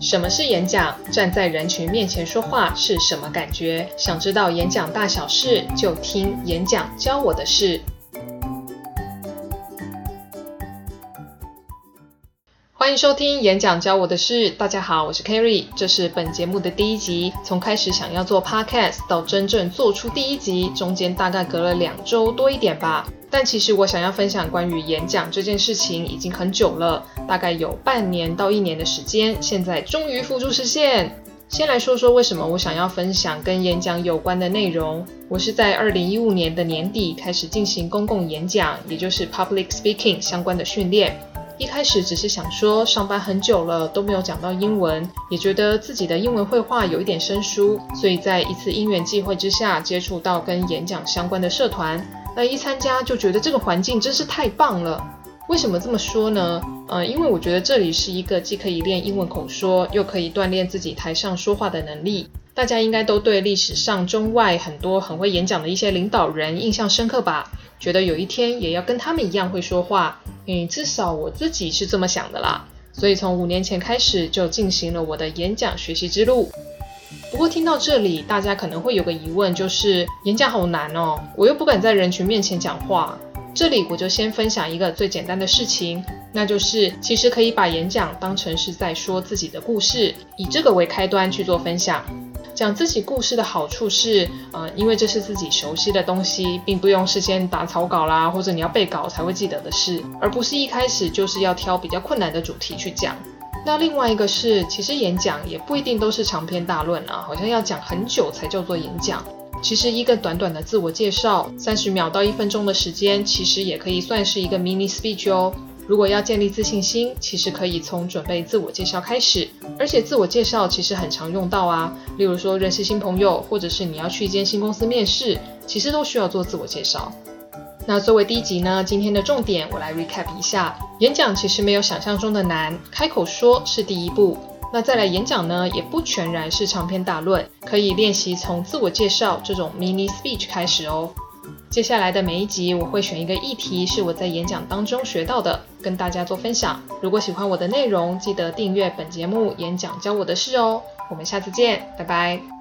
什麼是演講？站在人群面前說話是什麼感覺？想知道演講大小事，就聽《演講教我的事》。歡迎收聽《演講教我的事》。大家好，我是 Carrie，這是本節目的第一集。從開始想要做 podcast 到真正做出第一集，中間大概隔了兩周多一點吧。但其實我想要分享關於演講這件事情已經很久了，大概有半年到一年的時間，現在終於付諸實現。先來說說為什麼我想要分享跟演講有關的內容。我是在二零一五年的年底開始進行公共演講，也就是 public speaking 相關的訓練。一開始只是想說上班很久了都沒有講到英文，也覺得自己的英文會話有一點生疏，所以在一次因緣際會之下接觸到跟演講相關的社團。那一參加就覺得這個環境真是太棒了，為什麼這麼說呢？呃，因為我覺得這裡是一個既可以練英文口說，又可以鍛鍊自己台上說話的能力。大家應該都對歷史上中外很多很會演講的一些領導人印象深刻吧？覺得有一天也要跟他們一樣會說話，嗯，至少我自己是這麼想的啦。所以從五年前開始就進行了我的演講學習之路。不過聽到這裡，大家可能會有個疑問，就是演講好難哦，我又不敢在人群面前講話。這裡我就先分享一個最簡單的事情，那就是其實可以把演講當成是在說自己的故事，以這個為開端去做分享。講自己故事的好處是，呃，因為這是自己熟悉的東西，並不用事先打草稿啦，或者你要背稿才會記得的事，而不是一開始就是要挑比較困難的主題去講。那另外一個是，其實演講也不一定都是長篇大論啊，好像要講很久才叫做演講。其實一個短短的自我介紹，三十秒到一分鐘的時間，其實也可以算是一個 mini speech 哦。如果要建立自信心，其實可以從準備自我介紹開始，而且自我介紹其實很常用到啊，例如說認識新朋友，或者是你要去一間新公司面試，其實都需要做自我介紹。那作為第一集呢，今天的重點我來 recap 一下。演講其實沒有想象中的難，開口說是第一步。那再來演講呢，也不全然是長篇大論，可以練習從自我介紹這種 mini speech 開始哦。接下來的每一集，我會選一個議題是我在演講當中學到的，跟大家做分享。如果喜歡我的內容，記得訂閱本節目《演講教我的事》哦。我們下次見，拜拜。